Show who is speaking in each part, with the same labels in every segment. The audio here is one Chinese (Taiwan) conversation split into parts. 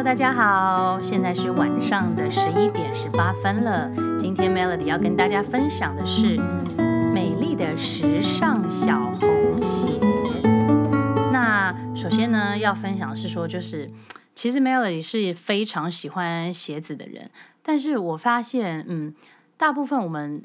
Speaker 1: Hello，大家好，現在是晚上的十一點十八分了。今天 Melody 要跟大家分享的是美麗的時尚小紅鞋。那首先呢，要分享的是說，就是其實 Melody 是非常喜歡鞋子的人，但是我發現，嗯，大部分我們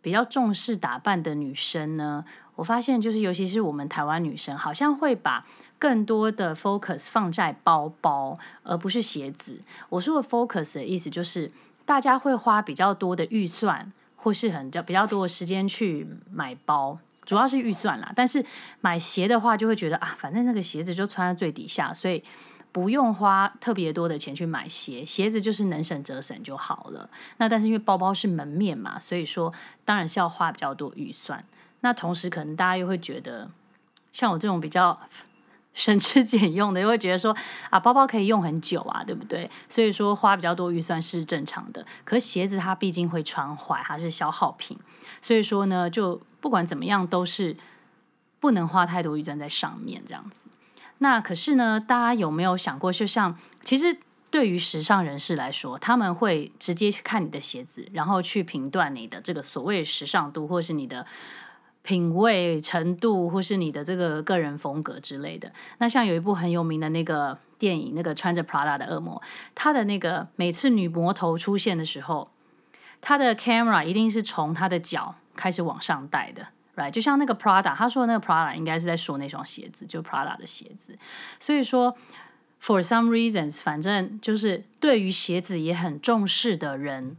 Speaker 1: 比較重視打扮的女生呢，我發現就是，尤其是我們台灣女生，好像會把更多的 focus 放在包包，而不是鞋子。我說的 focus 的意思就是，大家會花比較多的預算，或是很較比較多的時間去買包，主要是預算啦。但是買鞋的話，就會覺得啊，反正那個鞋子就穿在最底下，所以不用花特別多的錢去買鞋。鞋子就是能省則省就好了。那但是因為包包是門面嘛，所以說當然是要花比較多預算。那同時，可能大家又會覺得，像我這種比較。省吃儉用的，又會覺得說啊，包包可以用很久啊，對不對？所以說花比較多預算是正常的。可是鞋子它畢竟會穿壞，它是消耗品，所以說呢，就不管怎麼樣都是不能花太多預算在上面這樣子。那可是呢，大家有沒有想過，就像其實對於時尚人士來說，他們會直接去看你的鞋子，然後去評斷你的這個所謂時尚度，或是你的。品味程度，或是你的這個個人風格之類的。那像有一部很有名的那個電影，那個穿着 Prada 的惡魔，他的那個每次女魔頭出現的時候，他的 camera 一定是從他的腳開始往上帶的，right？就像那個 Prada，他說的那個 Prada 應該是在說那雙鞋子，就 Prada 的鞋子。所以說，for some reasons，反正就是對於鞋子也很重視的人。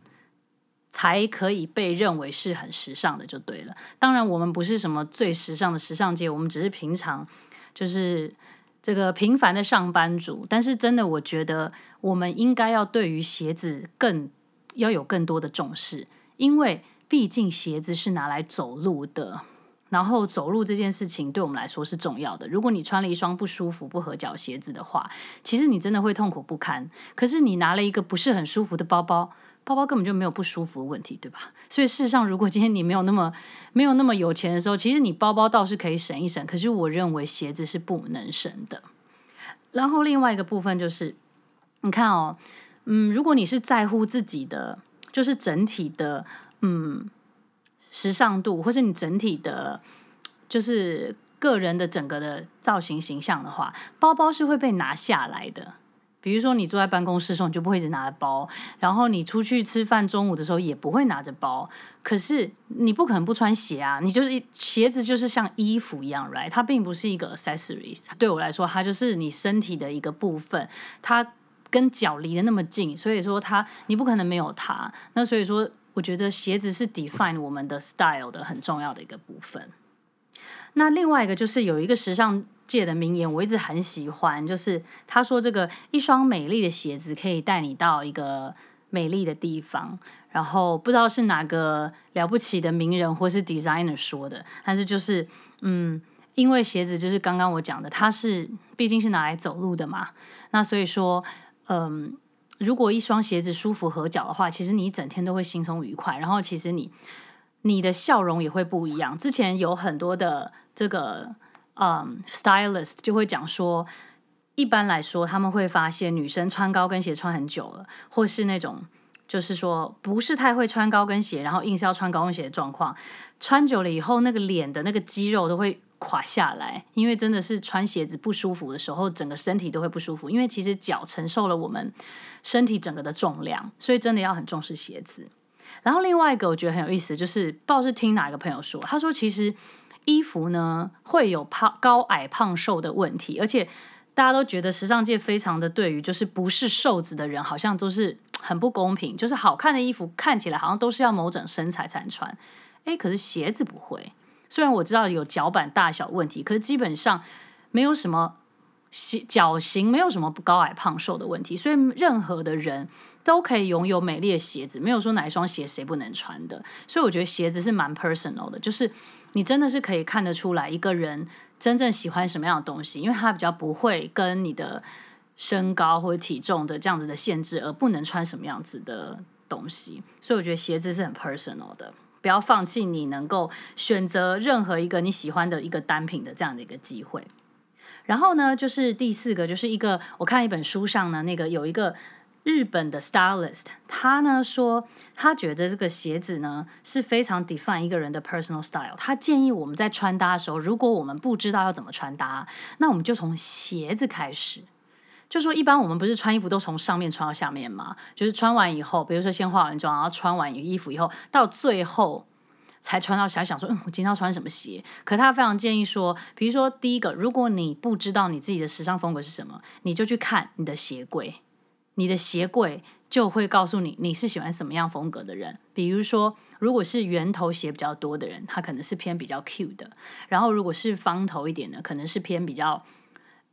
Speaker 1: 才可以被認為是很時尚的，就對了。當然，我們不是什麼最時尚的時尚界，我們只是平常，就是這個平凡的上班族。但是，真的，我覺得我們應該要對於鞋子更要有更多的重視，因為畢竟鞋子是拿來走路的。然後，走路這件事情對我們來說是重要的。如果你穿了一雙不舒服、不合腳鞋子的話，其實你真的會痛苦不堪。可是，你拿了一個不是很舒服的包包。包包根本就沒有不舒服的問題，對吧？所以，事實上，如果今天你沒有那麼沒有那麼有錢的時候，其實你包包倒是可以省一省。可是，我認為鞋子是不能省的。然後，另外一個部分就是，你看哦，嗯，如果你是在乎自己的，就是整體的，嗯，時尚度，或是你整體的，就是個人的整個的造型形象的話，包包是會被拿下來的。比如說，你坐在辦公室的時候，你就不會一直拿着包；然後你出去吃飯，中午的時候也不會拿着包。可是你不可能不穿鞋啊！你就是鞋子，就是像衣服一樣 right，它並不是一個 accessories，對我來說，它就是你身體的一個部分，它跟腳離得那麼近，所以說它你不可能沒有它。那所以說，我覺得鞋子是 define 我們的 style 的很重要的一個部分。那另外一個就是有一個時尚。界的名言，我一直很喜歡，就是他說：“這個一雙美麗的鞋子可以帶你到一個美麗的地方。”然後不知道是哪個了不起的名人或是 designer 說的，但是就是嗯，因為鞋子就是剛剛我講的，它是畢竟是拿來走路的嘛。那所以說，嗯，如果一雙鞋子舒服合腳的話，其實你一整天都會輕鬆愉快，然後其實你你的笑容也會不一樣。之前有很多的這個。嗯，um，stylist 就會講說，一般來說他們會發現女生穿高跟鞋穿很久了，或是那種就是說不是太會穿高跟鞋，然後硬是要穿高跟鞋的狀況，穿久了以後那個臉的那個肌肉都會垮下來，因為真的是穿鞋子不舒服的時候，整個身體都會不舒服，因為其實腳承受了我們身體整個的重量，所以真的要很重視鞋子。然後另外一個我覺得很有意思就是，不知道是聽哪一個朋友說，他說其實。衣服呢會有胖高矮胖瘦的問題，而且大家都覺得時尚界非常的對於就是不是瘦子的人好像都是很不公平，就是好看的衣服看起來好像都是要某種身材才能穿，哎，可是鞋子不會，雖然我知道有腳板大小問題，可是基本上沒有什麼鞋腳型，沒有什麼不高矮胖瘦的問題，所以任何的人都可以擁有美麗的鞋子，沒有說哪一雙鞋誰不能穿的，所以我覺得鞋子是蠻 personal 的，就是。你真的是可以看得出來，一個人真正喜歡什麼樣的東西，因為他比較不會跟你的身高或者體重的這樣子的限制而不能穿什麼樣子的東西，所以我覺得鞋子是很 personal 的，不要放棄你能夠選擇任何一個你喜歡的一個單品的這樣的一個機會。然後呢，就是第四個，就是一個我看一本書上呢，那個有一個。日本的 stylist，他呢說，他覺得這個鞋子呢是非常 define 一個人的 personal style。他建議我們在穿搭的時候，如果我們不知道要怎麼穿搭，那我們就從鞋子開始。就說一般我們不是穿衣服都從上面穿到下面嘛？就是穿完以後，比如說先化完妝，然後穿完衣服以後，到最後才穿到，想想說，嗯，我今天要穿什麼鞋？可他非常建議說，比如說第一個，如果你不知道你自己的時尚風格是什麼，你就去看你的鞋櫃。你的鞋櫃就會告訴你你是喜歡什麼樣風格的人。比如說，如果是圓頭鞋比較多的人，他可能是偏比較 cute 的；然後如果是方頭一點的，可能是偏比較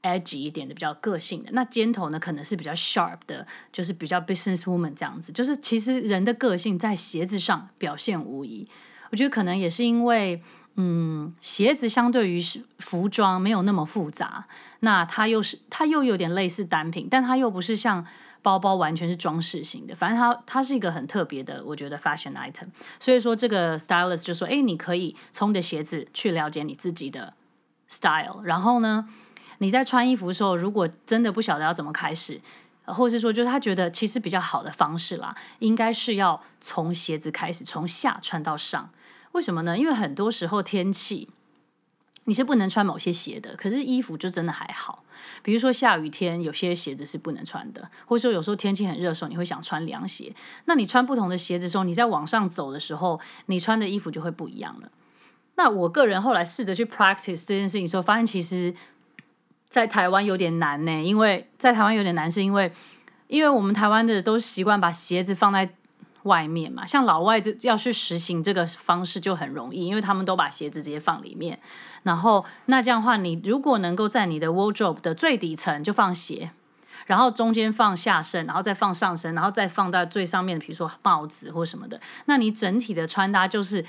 Speaker 1: edgy 一點的，比較個性的。那尖頭呢，可能是比較 sharp 的，就是比較 business woman 這樣子。就是其實人的個性在鞋子上表現無遺。我覺得可能也是因為，嗯，鞋子相對於服裝沒有那麼複雜，那它又是它又有點類似單品，但它又不是像。包包完全是裝飾型的，反正它它是一個很特別的，我覺得 fashion item。所以說這個 stylist 就說，哎，你可以從你的鞋子去了解你自己的 style。然後呢，你在穿衣服的時候，如果真的不曉得要怎麼開始，或是說，就是他覺得其實比較好的方式啦，應該是要從鞋子開始，從下穿到上。為什麼呢？因為很多時候天氣。你是不能穿某些鞋的，可是衣服就真的還好。比如說下雨天，有些鞋子是不能穿的，或者說有時候天氣很熱的時候，你會想穿涼鞋。那你穿不同的鞋子的時候，你在往上走的時候，你穿的衣服就會不一樣了。那我個人後來試着去 practice 這件事情的時候，發現其實，在台灣有點難呢。因為在台灣有點難，是因為因為我們台灣的都習慣把鞋子放在外面嘛，像老外就要去實行這個方式就很容易，因為他們都把鞋子直接放裡面。然後，那這樣的話，你如果能夠在你的 wardrobe 的最底層就放鞋，然後中間放下身，然後再放上身，然後再放到最上面的，比如說帽子或什麼的，那你整體的穿搭就是，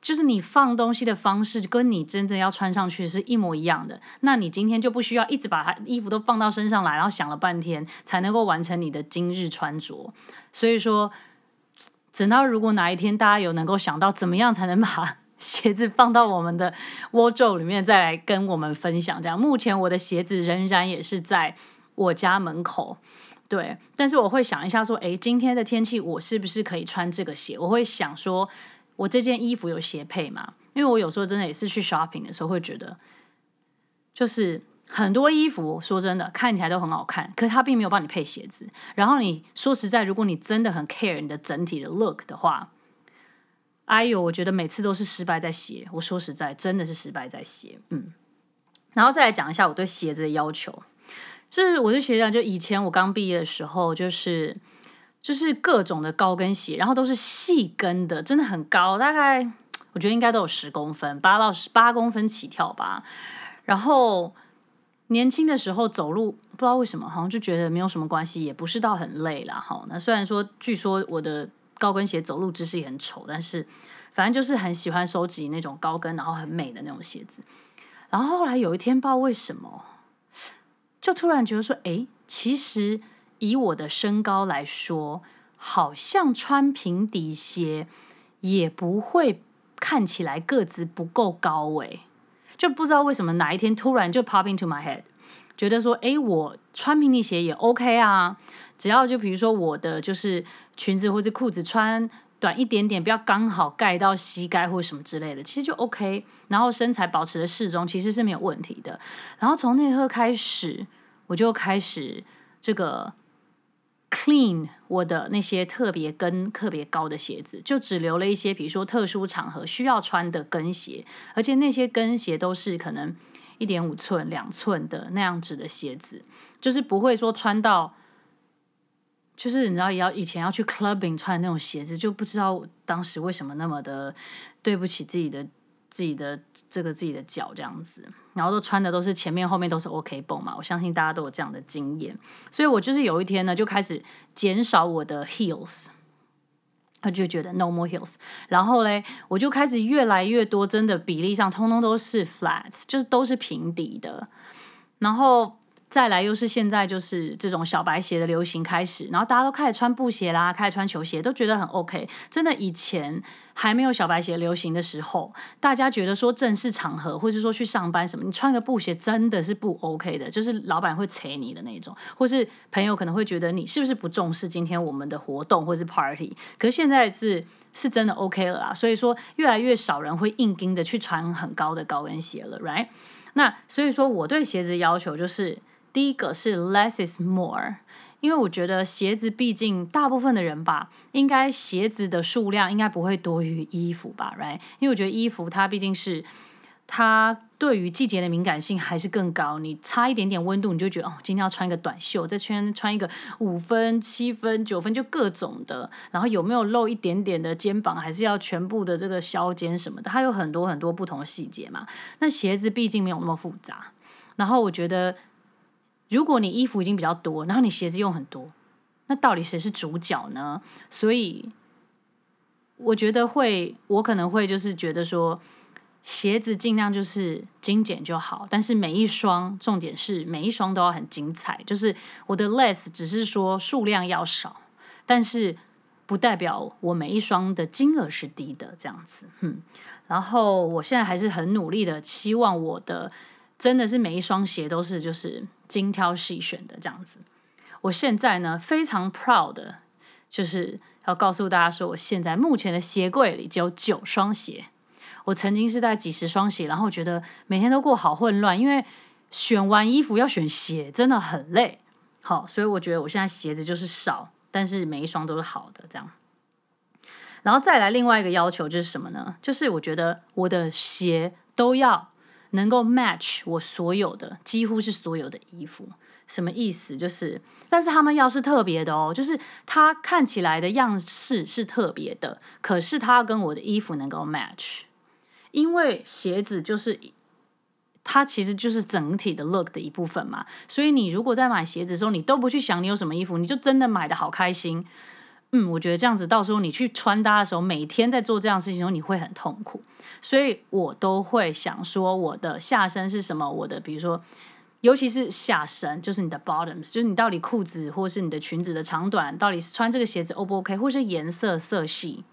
Speaker 1: 就是你放東西的方式跟你真正要穿上去是一模一樣的。那你今天就不需要一直把它衣服都放到身上來，然後想了半天才能夠完成你的今日穿着。所以說，等到如果哪一天大家有能夠想到怎麼樣才能把。鞋子放到我們的 wardrobe 裡面，再來跟我們分享。這樣，目前我的鞋子仍然也是在我家門口。對，但是我會想一下，說，誒，今天的天氣，我是不是可以穿這個鞋？我會想說，我這件衣服有鞋配嗎？因為我有時候真的也是去 shopping 的時候，會覺得，就是很多衣服，說真的，看起來都很好看，可是它並沒有幫你配鞋子。然後你說實在，如果你真的很 care 你的整體的 look 的話。哎呦，我覺得每次都是失敗在鞋。我說實在，真的是失敗在鞋。嗯，然後再來講一下我對鞋子的要求。就是我對鞋子，就以前我剛畢業的時候，就是就是各種的高跟鞋，然後都是細跟的，真的很高，大概我覺得應該都有十公分，八到十八公分起跳吧。然後年輕的時候走路，不知道為什麼，好像就覺得沒有什麼關係，也不是到很累啦哈。那雖然說，據說我的。高跟鞋走路姿勢也很醜，但是反正就是很喜歡收集那種高跟，然後很美的那種鞋子。然後後來有一天，不知道為什麼，就突然覺得說：“哎，其實以我的身高來說，好像穿平底鞋也不會看起來個子不夠高誒。”就不知道為什麼哪一天突然就 pop into my head，覺得說：“哎，我穿平底鞋也 OK 啊。”只要就比如說我的就是裙子或是褲子穿短一點點，不要剛好蓋到膝蓋或什麼之類的，其實就 OK。然後身材保持的適中，其實是沒有問題的。然後從那刻開始，我就開始這個 clean 我的那些特別跟特別高的鞋子，就只留了一些比如說特殊場合需要穿的跟鞋，而且那些跟鞋都是可能一點五寸、兩寸的那樣子的鞋子，就是不會說穿到。就是你知道要以前要去 clubbing 穿的那種鞋子，就不知道當時為什麼那麼的對不起自己的自己的這個自己的腳這樣子，然後都穿的都是前面後面都是 OK 繃嘛，我相信大家都有這樣的經驗，所以我就是有一天呢就開始減少我的 heels，我就覺得 no more heels，然後嘞我就開始越來越多真的比例上通通都是 flats，就是都是平底的，然後。再來又是現在就是這種小白鞋的流行開始，然後大家都開始穿布鞋啦，開始穿球鞋，都覺得很 OK。真的以前還沒有小白鞋流行的時候，大家覺得說正式場合或是說去上班什麼，你穿個布鞋真的是不 OK 的，就是老闆會踩你的那種，或是朋友可能會覺得你是不是不重視今天我們的活動或是 party。可是現在是是真的 OK 了啦，所以說越來越少人會硬盯着去穿很高的高跟鞋了，right？那所以說我對鞋子的要求就是。第一個是 less is more，因為我覺得鞋子畢竟大部分的人吧，應該鞋子的數量應該不會多於衣服吧，right？因為我覺得衣服它畢竟是它對於季節的敏感性還是更高。你差一點點溫度，你就覺得哦，今天要穿一個短袖，再穿穿一個五分、七分、九分，就各種的。然後有沒有露一點點的肩膀，還是要全部的這個削肩什麼的，它有很多很多不同的細節嘛。那鞋子畢竟沒有那麼複雜，然後我覺得。如果你衣服已經比較多，然後你鞋子又很多，那到底誰是主角呢？所以我覺得會，我可能會就是覺得說，鞋子盡量就是精簡就好，但是每一雙重點是每一雙都要很精彩。就是我的 less 只是說數量要少，但是不代表我每一雙的金額是低的這樣子。嗯，然後我現在還是很努力的，期望我的。真的是每一雙鞋都是就是精挑細選的這樣子。我現在呢非常 proud 的，就是要告訴大家說，我現在目前的鞋櫃裡只有九雙鞋。我曾經是在幾十雙鞋，然後覺得每天都過好混亂，因為選完衣服要選鞋真的很累。好，哦，所以我覺得我現在鞋子就是少，但是每一雙都是好的這樣。然後再來另外一個要求就是什麼呢？就是我覺得我的鞋都要。能夠 match 我所有的，幾乎是所有的衣服，什麼意思？就是，但是他們要是特別的哦，就是它看起來的樣式是特別的，可是它跟我的衣服能夠 match，因為鞋子就是，它其實就是整體的 look 的一部分嘛。所以你如果在買鞋子的時候，你都不去想你有什麼衣服，你就真的買得好開心。嗯，我覺得這樣子，到時候你去穿搭的時候，每天在做這樣事情的時候，你會很痛苦。所以我都會想說，我的下身是什麼？我的比如說，尤其是下身，就是你的 bottoms，就是你到底褲子或是你的裙子的長短，到底是穿這個鞋子 O 不 OK，或是顏色色系，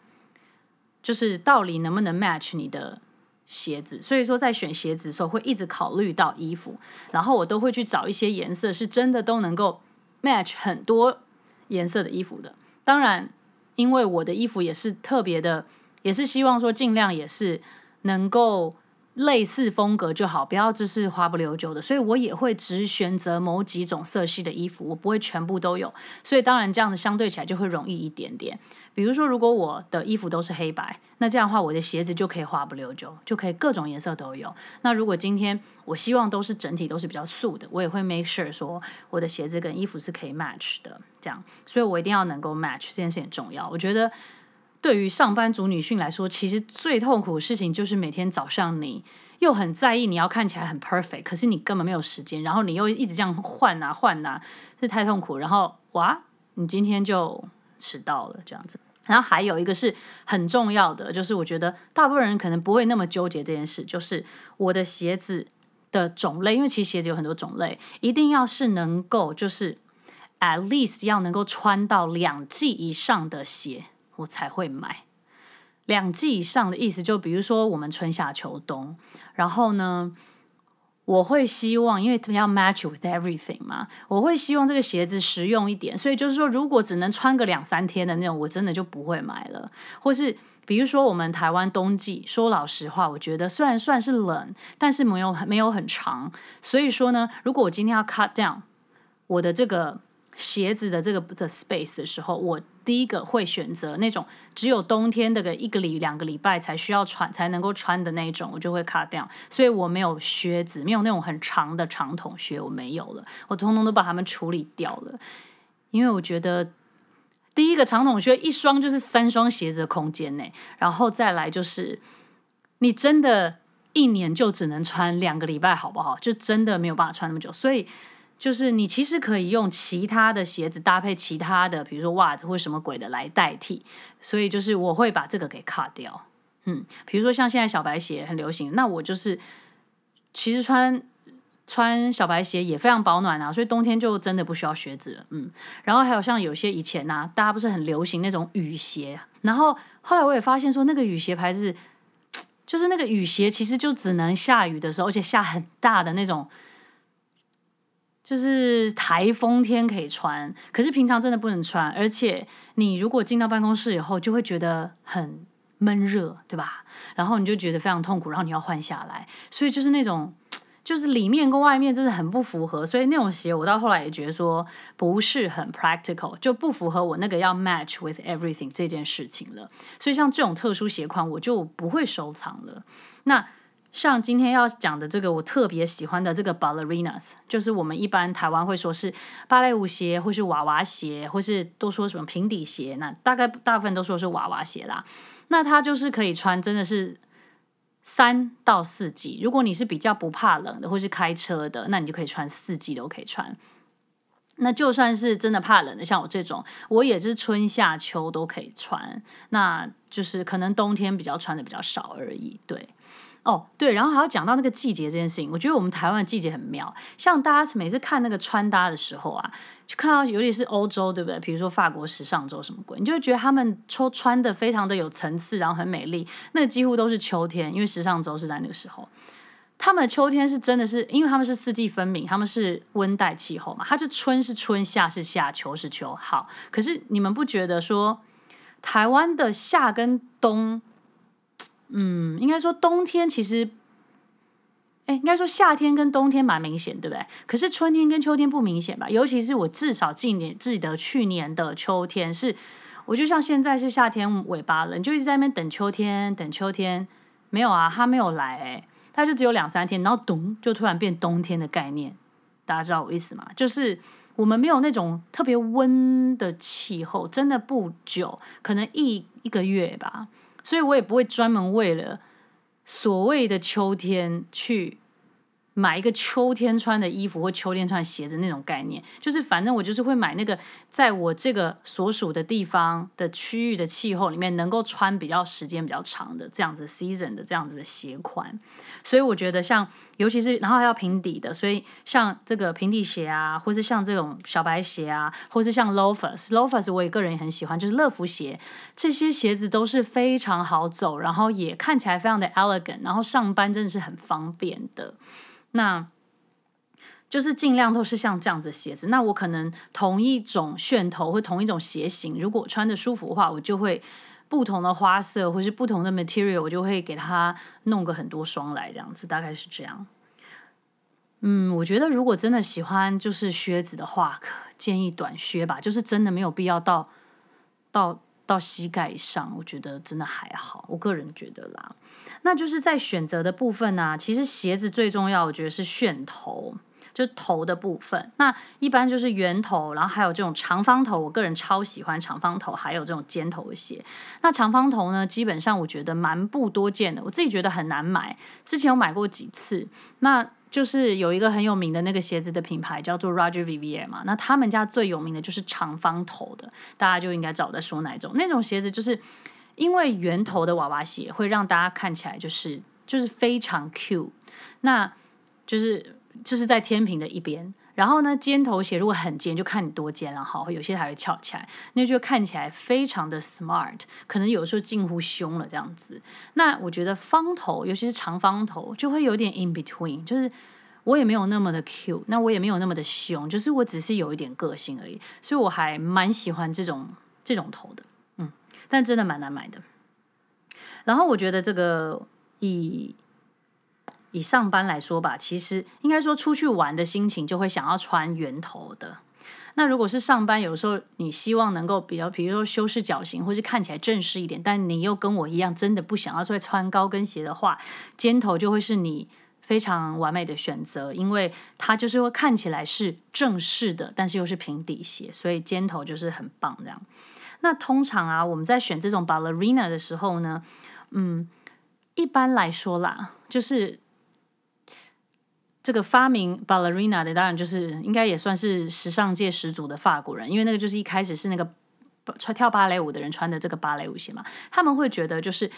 Speaker 1: 就是到底能不能 match 你的鞋子。所以說，在選鞋子的時候，會一直考慮到衣服，然後我都會去找一些顏色，是真的都能夠 match 很多顏色的衣服的。當然，因為我的衣服也是特別的，也是希望說盡量也是能夠。類似風格就好，不要只是花不溜秋的。所以我也會只選擇某幾種色系的衣服，我不會全部都有。所以當然這樣子相對起來就會容易一點點。比如說，如果我的衣服都是黑白，那這樣的話我的鞋子就可以花不溜秋，就可以各種顏色都有。那如果今天我希望都是整體都是比較素的，我也會 make sure 說我的鞋子跟衣服是可以 match 的，這樣。所以我一定要能夠 match，這件事很重要。我覺得。對於上班族女性來說，其實最痛苦的事情就是每天早上你又很在意你要看起來很 perfect，可是你根本沒有時間，然後你又一直這樣換啊換啊，這太痛苦。然後哇，你今天就遲到了這樣子。然後還有一個是很重要的，就是我覺得大部分人可能不會那麼糾結這件事，就是我的鞋子的種類，因為其實鞋子有很多種類，一定要是能夠就是 at least 要能夠穿到兩季以上的鞋。我才會買兩季以上的意思，就比如說我們春夏秋冬，然後呢，我會希望，因為要 match with everything 嘛，我會希望這個鞋子實用一點。所以就是說，如果只能穿個兩三天的那種，我真的就不會買了。或是比如說我們台灣冬季，說老實話，我覺得雖然算是冷，但是沒有沒有很長。所以說呢，如果我今天要 cut down 我的這個鞋子的這個的 space 的時候，我。第一個會選擇那種只有冬天的個一個禮兩個禮拜才需要穿、才能夠穿的那種，我就會卡掉。所以我沒有靴子，沒有那種很長的長筒靴，我沒有了。我通通都把它們處理掉了，因為我覺得第一個長筒靴一雙就是三雙鞋子的空間呢。然後再來就是，你真的一年就只能穿兩個禮拜，好不好？就真的沒有辦法穿那麼久，所以。就是你其實可以用其他的鞋子搭配其他的，比如說襪子或什麼鬼的來代替。所以就是我會把這個給卡掉。嗯，比如說像現在小白鞋很流行，那我就是其實穿穿小白鞋也非常保暖啊，所以冬天就真的不需要靴子了。嗯，然後還有像有些以前呢、啊，大家不是很流行那種雨鞋，然後後來我也發現說，那個雨鞋牌子，就是那個雨鞋其實就只能下雨的時候，而且下很大的那種。就是台風天可以穿，可是平常真的不能穿。而且你如果進到辦公室以後，就會覺得很悶熱，對吧？然後你就覺得非常痛苦，然後你要換下來。所以就是那種，就是裡面跟外面真的很不符合。所以那種鞋，我到後來也覺得說不是很 practical，就不符合我那個要 match with everything 這件事情了。所以像這種特殊鞋款，我就不會收藏了。那。像今天要講的這個，我特別喜歡的這個 ballerinas，就是我們一般台灣會說是芭蕾舞鞋，或是娃娃鞋，或是都說什麼平底鞋。那大概大部分都說是娃娃鞋啦。那它就是可以穿，真的是三到四季。如果你是比較不怕冷的，或是開車的，那你就可以穿四季都可以穿。那就算是真的怕冷的，像我這種，我也是春夏秋都可以穿，那就是可能冬天比較穿的比較少而已。對。哦，對，然後還要講到那個季節這件事情。我覺得我們台灣的季節很妙，像大家每次看那個穿搭的時候啊，就看到，尤其是歐洲，對不對？比如說法國時尚周什麼鬼，你就會覺得他們穿穿的非常的有層次，然後很美麗。那個、幾乎都是秋天，因為時尚周是在那個時候。他們的秋天是真的是，因為他們是四季分明，他們是溫帶氣候嘛，它就春是春，夏是夏，秋是秋。好，可是你們不覺得說台灣的夏跟冬？嗯，應該說冬天其實，哎，應該說夏天跟冬天蠻明顯，對不對？可是春天跟秋天不明顯吧？尤其是我至少近年記得去年的秋天是，是我就像現在是夏天尾巴了，你就一直在那邊等秋天，等秋天沒有啊，它沒有來，欸，哎，它就只有兩三天，然後咚就突然變冬天的概念，大家知道我意思嗎？就是我們沒有那種特別溫的氣候，真的不久，可能一一個月吧。所以我也不會專門為了所謂的秋天去買一個秋天穿的衣服或秋天穿的鞋子那種概念，就是反正我就是會買那個在我這個所屬的地方的區域的氣候裡面能夠穿比較時間比較長的這樣子 season 的這樣子的鞋款，所以我覺得像。尤其是，然後還要平底的，所以像這個平底鞋啊，或是像這種小白鞋啊，或是像 loafers，loafers 我也個人也很喜歡，就是樂福鞋，這些鞋子都是非常好走，然後也看起來非常的 elegant，然後上班真的是很方便的。那就是盡量都是像這樣子的鞋子。那我可能同一種楦頭或同一種鞋型，如果我穿得舒服的話，我就會。不同的花色或是不同的 material，我就會給他弄個很多雙來，這樣子大概是這樣。嗯，我覺得如果真的喜歡就是靴子的話，可建議短靴吧，就是真的沒有必要到到到膝蓋以上，我覺得真的還好，我個人覺得啦。那就是在選擇的部分呢，啊，其實鞋子最重要，我覺得是楦頭。就頭的部分，那一般就是圓頭，然後還有這種長方頭。我個人超喜歡長方頭，還有這種尖頭的鞋。那長方頭呢，基本上我覺得蠻不多見的，我自己覺得很難買。之前有買過幾次，那就是有一個很有名的那個鞋子的品牌叫做 Roger Vivier 嘛，那他們家最有名的就是長方頭的，大家就應該知道我在說哪種那種鞋子，就是因為圓頭的娃娃鞋會讓大家看起來就是就是非常 cute，那就是。就是在天平的一邊，然後呢，尖頭鞋如果很尖，就看你多尖了哈，有些還會翹起來，那就看起來非常的 smart，可能有時候近乎凶了這樣子。那我覺得方頭，尤其是長方頭，就會有點 in between，就是我也沒有那麼的 cute，那我也沒有那麼的凶，就是我只是有一點個性而已，所以我還蠻喜歡這種這種頭的，嗯，但真的蠻難買的。然後我覺得這個以。以上班來說吧，其實應該說出去玩的心情就會想要穿圓頭的。那如果是上班，有時候你希望能夠比較，比如說修飾腳型，或是看起來正式一點，但你又跟我一樣真的不想要再穿高跟鞋的話，尖頭就會是你非常完美的選擇，因為它就是會看起來是正式的，但是又是平底鞋，所以尖頭就是很棒這樣。那通常啊，我們在選這種 ballerina 的時候呢，嗯，一般來說啦，就是。這個發明 ballerina 的當然就是應該也算是時尚界始祖的法國人，因為那個就是一開始是那個穿跳芭蕾舞的人穿的這個芭蕾舞鞋嘛。他們會覺得就是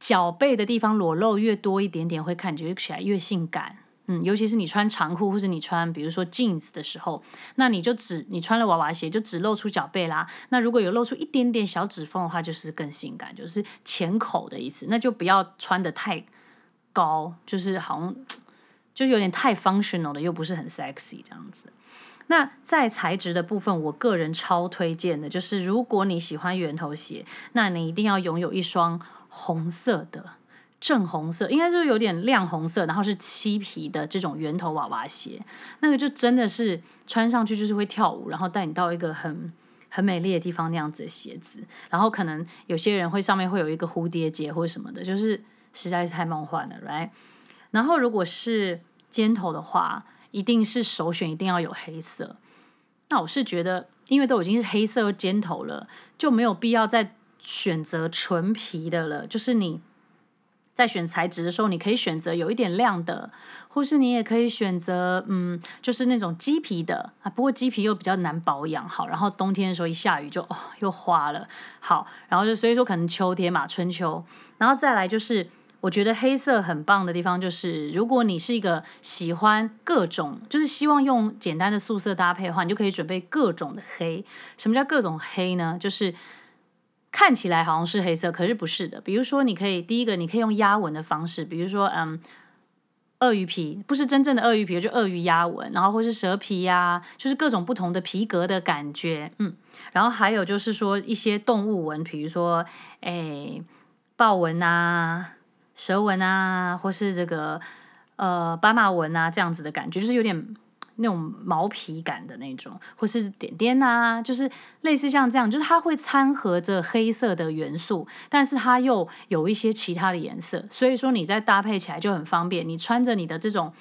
Speaker 1: 腳背的地方裸露越多一點點，會感覺起來越性感。嗯，尤其是你穿長褲或者你穿比如說 jeans 的時候，那你就只你穿了娃娃鞋就只露出腳背啦。那如果有露出一點點小指縫的話，就是更性感，就是淺口的意思。那就不要穿得太高，就是好像。就有點太 functional 的，又不是很 sexy 這樣子。那在材質的部分，我個人超推薦的，就是如果你喜歡圓頭鞋，那你一定要擁有一雙紅色的，正紅色，應該就是有點亮紅色，然後是漆皮的這種圓頭娃娃鞋。那個就真的是穿上去就是會跳舞，然後帶你到一個很很美麗的地方那樣子的鞋子。然後可能有些人會上面會有一個蝴蝶結或什麼的，就是實在是太夢幻了，right？然後如果是尖頭的話，一定是首選，一定要有黑色。那我是覺得，因為都已經是黑色尖頭了，就沒有必要再選擇純皮的了。就是你在選材質的時候，你可以選擇有一點亮的，或是你也可以選擇，嗯，就是那種麂皮的啊。不過麂皮又比較難保養，好，然後冬天的時候一下雨就哦又花了。好，然後就所以說可能秋天嘛，春秋，然後再來就是。我覺得黑色很棒的地方就是，如果你是一個喜歡各種，就是希望用簡單的素色搭配的話，你就可以準備各種的黑。什麼叫各種黑呢？就是看起來好像是黑色，可是不是的。比如說，你可以第一個，你可以用壓紋的方式，比如說，嗯，鱷魚皮不是真正的鱷魚皮，就鱷魚壓紋，然後或是蛇皮呀、啊，就是各種不同的皮革的感覺，嗯。然後還有就是說一些動物紋，比如說，誒，豹紋啊。蛇紋啊，或是這個呃斑馬紋啊，這樣子的感覺，就是有點那種毛皮感的那種，或是點點啊，就是類似像這樣，就是它會摻和着黑色的元素，但是它又有一些其他的顏色，所以說你再搭配起來就很方便。你穿着你的這種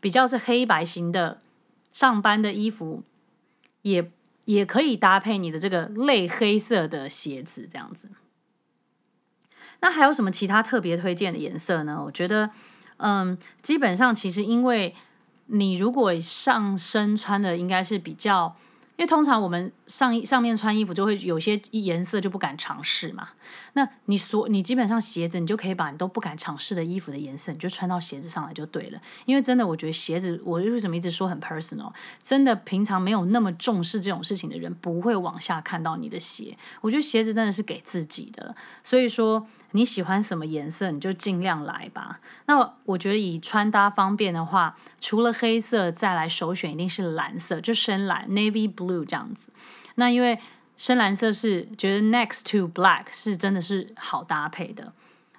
Speaker 1: 比較是黑白型的上班的衣服，也也可以搭配你的這個類黑色的鞋子，這樣子。那還有什麼其他特別推薦的顏色呢？我覺得，嗯，基本上其實，因為你如果上身穿的應該是比較，因為通常我們上衣上面穿衣服就會有些顏色就不敢嘗試嘛。那你所你基本上鞋子，你就可以把你都不敢嘗試的衣服的顏色，你就穿到鞋子上來就對了。因為真的，我覺得鞋子，我為什麼一直說很 personal？真的，平常沒有那麼重視這種事情的人不會往下看到你的鞋。我覺得鞋子真的是給自己的，所以說。你喜歡什麼顏色，你就盡量來吧。那我，我覺得以穿搭方便的話，除了黑色，再來首選一定是藍色，就深藍 navy blue 這樣子。那因為深藍色是覺得 next to black 是真的是好搭配的。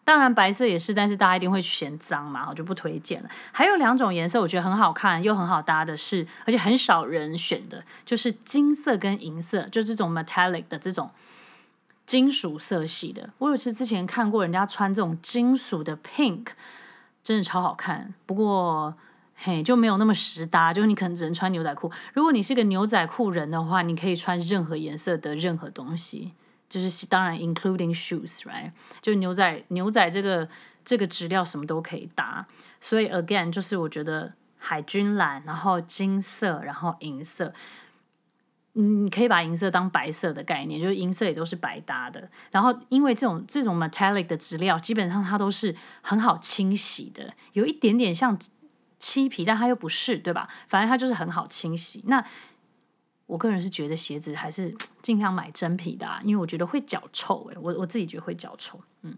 Speaker 1: 當然白色也是，但是大家一定會嫌髒嘛，我就不推薦了。還有兩種顏色我覺得很好看又很好搭的是，而且很少人選的，就是金色跟銀色，就這種 metallic 的這種。金屬色系的，我有次之前看過人家穿這種金屬的 pink，真的超好看。不過嘿就沒有那麼實搭，就是你可能只能穿牛仔褲。如果你是個牛仔褲人的話，你可以穿任何顏色的任何東西，就是當然 including shoes right？就牛仔牛仔這個這個質料什麼都可以搭。所以 again 就是我覺得海軍藍，然後金色，然後銀色。你可以把銀色當白色的概念，就是銀色也都是百搭的。然後，因為這種這種 metallic 的質料，基本上它都是很好清洗的，有一點點像漆皮，但它又不是，對吧？反正它就是很好清洗。那我個人是覺得鞋子還是儘量買真皮的，啊，因為我覺得會腳臭、欸，誒。我我自己覺得會腳臭，嗯。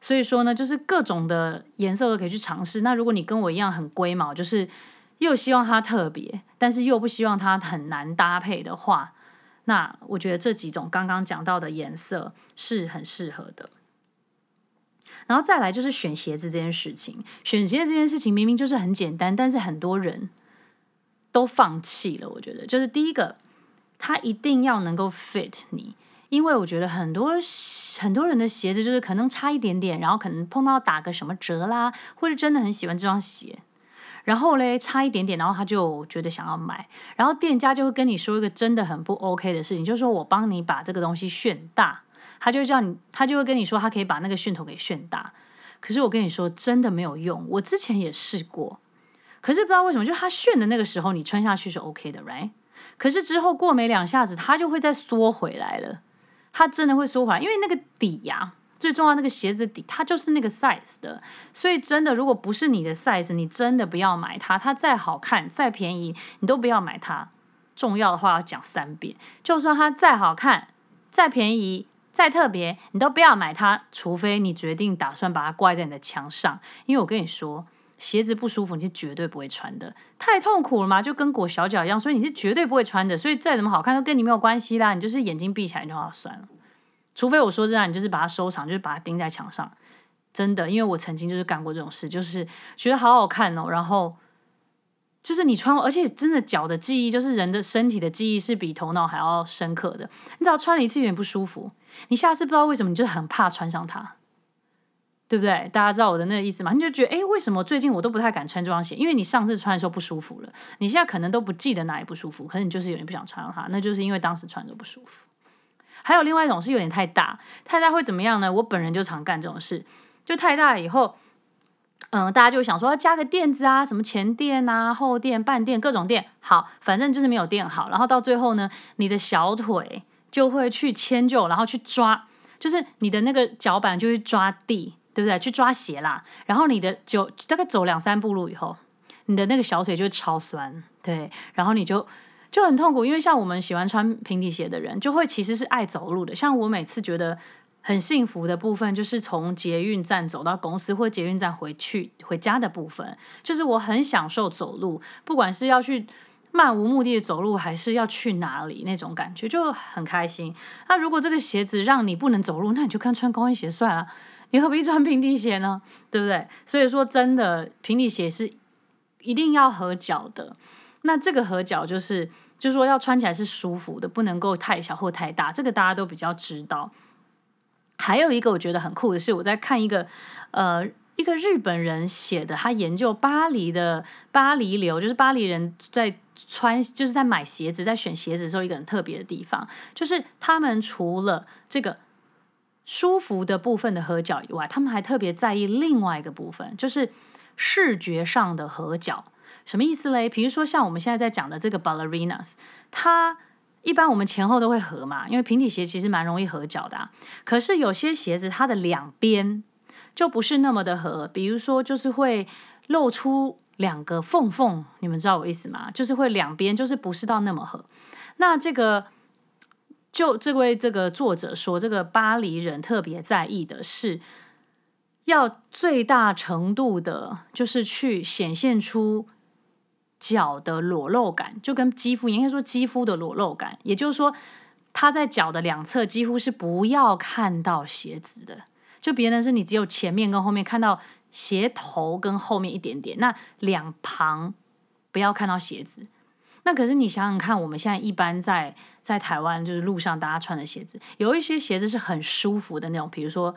Speaker 1: 所以說呢，就是各種的顏色都可以去嘗試。那如果你跟我一樣很龜毛，就是。又希望它特別，但是又不希望它很難搭配的話，那我覺得這幾種剛剛講到的顏色是很適合的。然後再來就是選鞋子這件事情，選鞋子這件事情明明就是很簡單，但是很多人都放棄了。我覺得就是第一個，它一定要能夠 fit 你，因為我覺得很多很多人的鞋子就是可能差一點點，然後可能碰到打個什麼折啦，或者真的很喜歡這雙鞋。然後嘞，差一點點，然後他就覺得想要買，然後店家就會跟你說一個真的很不 OK 的事情，就是說我幫你把這個東西楦大，他就叫你，他就會跟你說他可以把那個楦頭給楦大，可是我跟你說真的沒有用，我之前也試過，可是不知道為什麼，就他楦的那個時候你穿下去是 OK 的，right？可是之後過沒兩下子，它就會再縮回來了，它真的會縮回來，因為那個底呀、啊。最重要的那個鞋子底，它就是那個 size 的，所以真的，如果不是你的 size，你真的不要買它。它再好看、再便宜，你都不要買它。重要的話要講三遍，就算它再好看、再便宜、再特別，你都不要買它。除非你決定打算把它掛在你的牆上，因為我跟你說，鞋子不舒服，你是絕對不會穿的，太痛苦了嘛，就跟裹小腳一樣，所以你是絕對不會穿的。所以再怎麼好看都跟你沒有關係啦，你就是眼睛閉起來就好算了。除非我說這樣，你就是把它收藏，就是把它釘在牆上，真的，因為我曾經就是幹過這種事，就是覺得好好看哦，然後就是你穿，而且真的腳的記憶，就是人的身體的記憶是比頭腦還要深刻的。你只要穿了一次有點不舒服，你下次不知道為什麼你就很怕穿上它，對不對？大家知道我的那個意思嗎？你就覺得哎，為什麼最近我都不太敢穿這雙鞋？因為你上次穿的時候不舒服了，你現在可能都不記得哪裡不舒服，可是你就是有點不想穿上它，那就是因為當時穿着不舒服。還有另外一種是有點太大，太大會怎麼樣呢？我本人就常幹這種事，就太大了以後，嗯、呃，大家就想說要加個墊子啊，什麼前墊啊、後墊、半墊各種墊，好，反正就是沒有墊好。然後到最後呢，你的小腿就會去遷就，然後去抓，就是你的那個腳板就去抓地，對不對？去抓鞋啦。然後你的就大概走兩三步路以後，你的那個小腿就會超酸，對，然後你就。就很痛苦，因為像我們喜歡穿平底鞋的人，就會其實是愛走路的。像我每次覺得很幸福的部分，就是從捷運站走到公司或捷運站回去回家的部分，就是我很享受走路，不管是要去漫無目的的走路，還是要去哪裡，那種感覺就很開心。那、啊、如果這個鞋子讓你不能走路，那你就乾脆穿高跟鞋算了、啊，你何必穿平底鞋呢？對不對？所以說真的，平底鞋是一定要合腳的。那這個合腳就是，就是說要穿起來是舒服的，不能夠太小或太大，這個大家都比較知道。還有一個我覺得很酷的是，我在看一個，呃，一個日本人寫的，他研究巴黎的巴黎流，就是巴黎人在穿，就是在買鞋子、在選鞋子的時候，一個很特別的地方，就是他們除了這個舒服的部分的合腳以外，他們還特別在意另外一個部分，就是視覺上的合腳。什麼意思嘞？比如說像我們現在在講的這個 ballerinas，它一般我們前後都會合嘛，因為平底鞋其實蠻容易合腳的啊。可是有些鞋子它的兩邊就不是那麼的合，比如說就是會露出兩個縫縫，你們知道我意思嗎？就是會兩邊就是不是到那麼合。那這個就這位這個作者說，這個巴黎人特別在意的是要最大程度的，就是去顯現出。腳的裸露感，就跟肌膚，應該說肌膚的裸露感，也就是說，它在腳的兩側幾乎是不要看到鞋子的。就別人是你只有前面跟後面看到鞋頭跟後面一點點，那兩旁不要看到鞋子。那可是你想想看，我們現在一般在在台灣就是路上大家穿的鞋子，有一些鞋子是很舒服的那種，比如說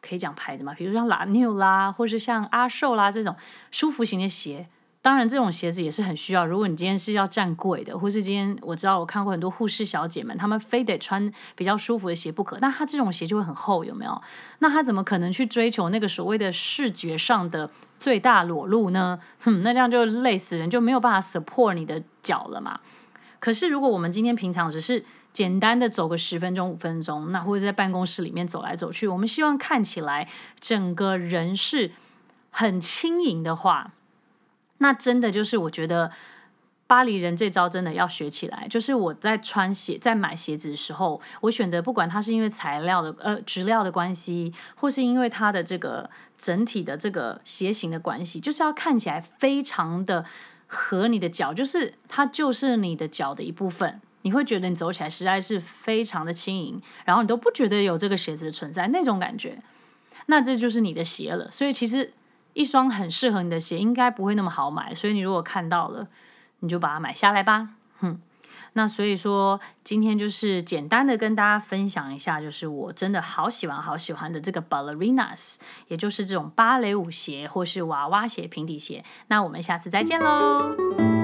Speaker 1: 可以講牌子嘛，比如像 La New 啦，或是像阿瘦啦這種舒服型的鞋。當然，這種鞋子也是很需要。如果你今天是要站櫃的，或是今天我知道我看過很多護士小姐們，她們非得穿比較舒服的鞋不可。那她這種鞋就會很厚，有沒有？那她怎麼可能去追求那個所謂的視覺上的最大裸露呢？哼、嗯，那這樣就累死人，就沒有辦法 support 你的腳了嘛。可是如果我們今天平常只是簡單的走個十分鐘、五分鐘，那或者在辦公室裡面走來走去，我們希望看起來整個人是很輕盈的話。那真的就是我覺得巴黎人這招真的要學起來。就是我在穿鞋、在買鞋子的時候，我選擇不管它是因為材料的、呃，質料的關係，或是因為它的這個整體的這個鞋型的關係，就是要看起來非常的合你的腳，就是它就是你的腳的一部分，你會覺得你走起來實在是非常的輕盈，然後你都不覺得有這個鞋子的存在那種感覺，那這就是你的鞋了。所以其實。一雙很適合你的鞋，應該不會那麼好買，所以你如果看到了，你就把它買下來吧。哼、嗯，那所以說今天就是簡單的跟大家分享一下，就是我真的好喜歡好喜歡的這個 ballerinas，也就是這種芭蕾舞鞋或是娃娃鞋、平底鞋。那我們下次再見嘍。